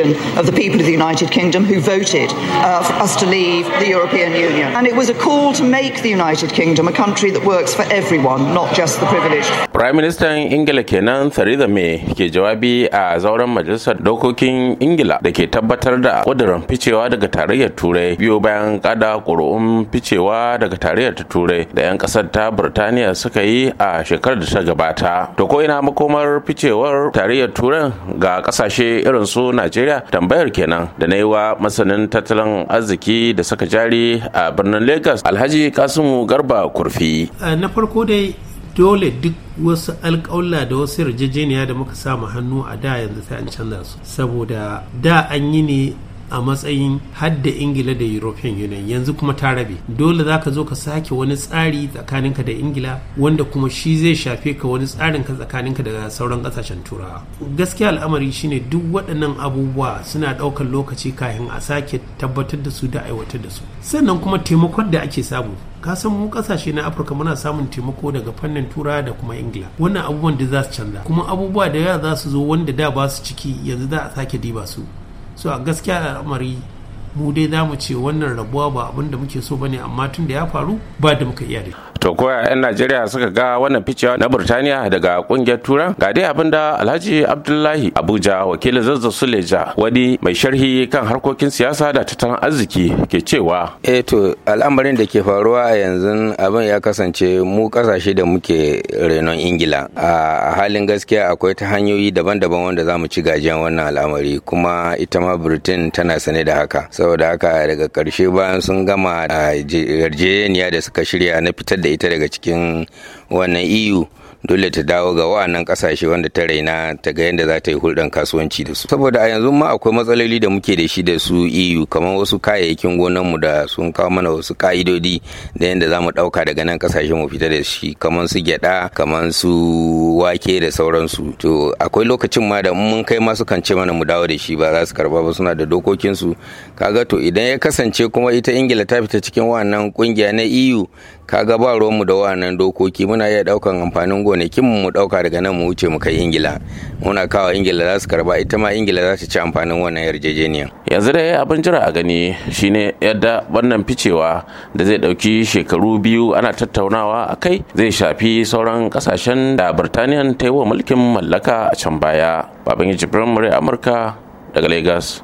of the people of the United Kingdom who voted uh, for us to leave the European Union. And it was a call to make the United Kingdom a country that works for everyone, not just the privileged. Prime Minister Ingila kenan Theresa May ke jawabi a zauren Majalisar Dokokin Ingila da ke tabbatar da kudurin ficewa daga tarayyar Turai biyo bayan kada kuru'un ficewa daga tarayyar ta Turai da 'yan ƙasar ta Burtaniya suka yi a shekarar da ta gabata. To ko ina makomar ficewar tarayyar Turai ga ƙasashe irin su Najeriya tambayar kenan da na yi wa masanin tattalin arziki da saka jari a birnin Lagos Alhaji Kasimu Garba Kurfi. Eh, na farko dai dole duk wasu alƙawla da wasu yarjejeniya da muka samu hannu a da yanzu sai an canza su saboda da an yi ne a matsayin hadda ingila da european union yanzu kuma ta rabe dole za ka zo ka sake wani tsari tsakaninka da ingila wanda kuma shi zai shafe ka wani tsarin ka tsakaninka daga sauran kasashen turawa gaskiya al'amari shine duk waɗannan abubuwa suna ɗaukar lokaci kafin a sake tabbatar da su da aiwatar da su sannan kuma taimakon da ake samu ka san mu kasashe na afirka muna samun taimako daga fannin turawa da kuma ingila wannan abubuwan da za su canza kuma abubuwa da yawa za su zo wanda da ba su ciki yanzu za a sake diba su so a gaskiya al'amari mu dai za mu ce wannan rabuwa ba abin da muke so bane amma tun da ya faru ba da muka iya da to ko 'yan najeriya suka ga wannan ficewa na burtaniya daga kungiyar turan ga dai abin da alhaji abdullahi abuja wakilin zazza suleja wani mai sharhi kan harkokin siyasa da tattalin arziki ke cewa eh to al'amarin da ke faruwa a yanzu abin ya kasance mu kasashe da muke renon ingila a halin gaskiya akwai ta hanyoyi daban-daban wanda za mu ci gajiyar wannan al'amari kuma ita ma britain tana sane da haka saboda haka daga karshe bayan sun gama a ah, yarjejeniya da suka shirya na fitar da ita daga cikin wannan eu dole ta dawo ga wa'annan kasashe wanda ta raina ta ga yadda za ta yi hulɗar kasuwanci da su saboda a yanzu ma akwai matsaloli da muke da shi da su eu kamar wasu kayayyakin gonanmu da sun kawo mana wasu ka'idodi da yadda za mu ɗauka daga nan kasashe mu fita da shi kamar su gyaɗa kamar su wake da sauransu to akwai lokacin ma da mun kai ma su ce mana mu dawo da shi ba za su karba ba suna da dokokinsu kaga to idan ya kasance kuma ita ingila ta fita cikin wa'annan kungiya na eu Ka ga ba mu da wannan dokoki muna iya daukan amfanin gonakin mu dauka daga nan mu wuce mu kai ingila muna kawo ingila za su karba ita ma ingila za su ci amfanin wannan yarjejeniya yanzu da dai abin jira a gani shine yadda wannan ficewa da zai dauki shekaru biyu ana tattaunawa a kai zai shafi sauran kasashen da Birtaniyan ta yi wa mulkin mallaka a can baya jibrin firamare amurka daga lagos